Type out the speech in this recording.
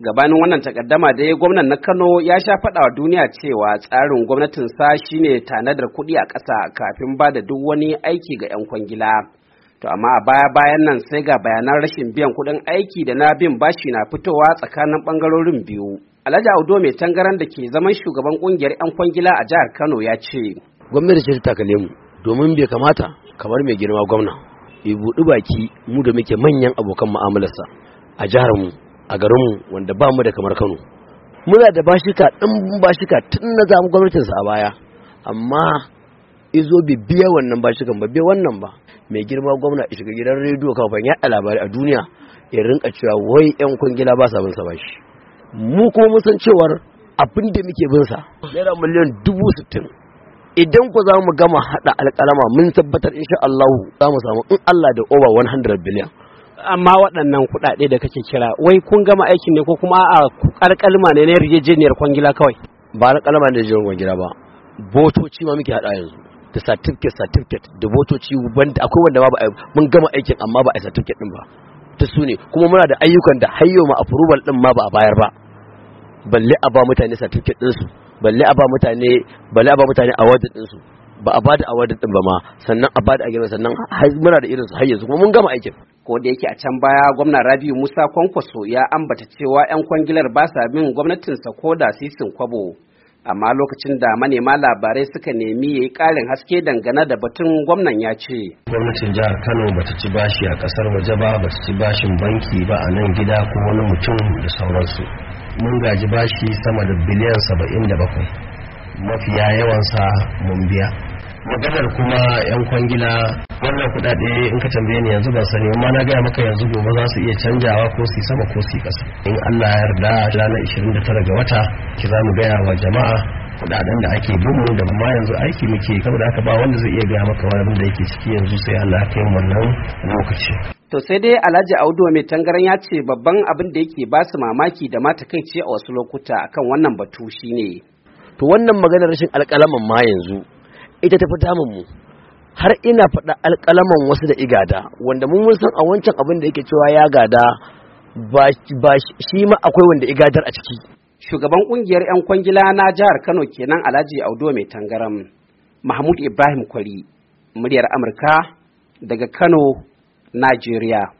gabanin wannan takaddama dai gwamnan na kano ya sha faɗa wa duniya cewa tsarin gwamnatinsa shine tanadar kuɗi a ƙasa kafin ba da duk wani aiki ga 'yan kwangila to amma a baya bayan nan sai ga bayanan rashin biyan kuɗin aiki da na bin bashi na fitowa tsakanin ɓangarorin biyu alhaji audo mai tangaran da ke zaman shugaban ƙungiyar 'yan kwangila a jihar kano ya ce gwamnati ce ta takale mu domin bai kamata kamar mai girma gwamna ya buɗi baki mu da muke manyan abokan mu'amalarsa a jihar mu a garinmu wanda ba mu da kamar kano muna da bashika ɗin bashika tun na zamu gwamnatinsa a baya amma izo bi biya wannan bashikan ba biya wannan ba mai girma gwamna a shiga gidan rediyo kafin yaɗa labari a duniya ya rinka cewa wai yan kwangila ba sa bin sa bashi mu kuma mun san cewar abin da muke bin sa naira miliyan dubu sittin idan ku za mu gama haɗa alƙalama mun tabbatar insha Allah za mu samu in Allah da over 100 biliyan amma waɗannan kuɗaɗe da kake kira wai kun gama aikin ne ko kuma a ƙarƙalma ne na yarjejeniyar kwangila kawai ba na ƙalama ne yarjejeniyar kwangila ba botoci ma muke haɗa yanzu da certificate certificate da botoci wanda akwai wanda ba mun gama aikin amma ba a certificate din ba ta su ne kuma muna da ayyukan da hayyo ma approval din ma ba a bayar ba balle a ba mutane certificate din su balle a ba mutane balle a ba mutane award din su ba a ba da award din ba ma sannan a ba da a sannan muna da irin su har yanzu kuma mun gama aikin ko da yake a can baya gwamna rabiu musa kwankwaso ya ambata cewa 'yan kwangilar ba sa bin gwamnatinsa ko da sisin kwabo amma lokacin da manema labarai suka nemi ya yi ƙarin haske dangane da batun gwamnan ya ce gwamnatin jihar kano ba ta ci bashi a ƙasar waje ba ba ta ci bashin banki ba a nan gida ko wani mutum da sauransu mun gaji bashi sama da biliyan saba'in da bakwai mafiya yawansa mun biya maganar kuma yan kwangila wannan kudade in ka tambaye ni yanzu ban sani amma na gaya maka yanzu gobe za su iya canjawa ko su sama ko su kasa in Allah ya yarda ranar 29 ga wata ki za mu gaya wa jama'a kudaden da ake bin mu da ma yanzu aiki muke saboda haka ba wanda zai iya gaya maka wani abin da yake ciki yanzu sai Allah ya kai mu wannan lokaci to sai dai Alhaji Audu mai tangaran ya ce babban abin da yake ba su mamaki da ma takaici a wasu lokuta akan wannan batu shine to wannan maganar rashin alƙalaman ma yanzu ita ta fi mu har ina faɗa alƙalaman wasu da igada wanda mun mun san a wancan abin da yake cewa ya gada ba shi ma akwai wanda igadar a ciki shugaban ƙungiyar yan kwangila na jihar Kano kenan Alhaji Audo mai tangaram Mahmud Ibrahim Kwari muryar Amurka daga Kano Najeriya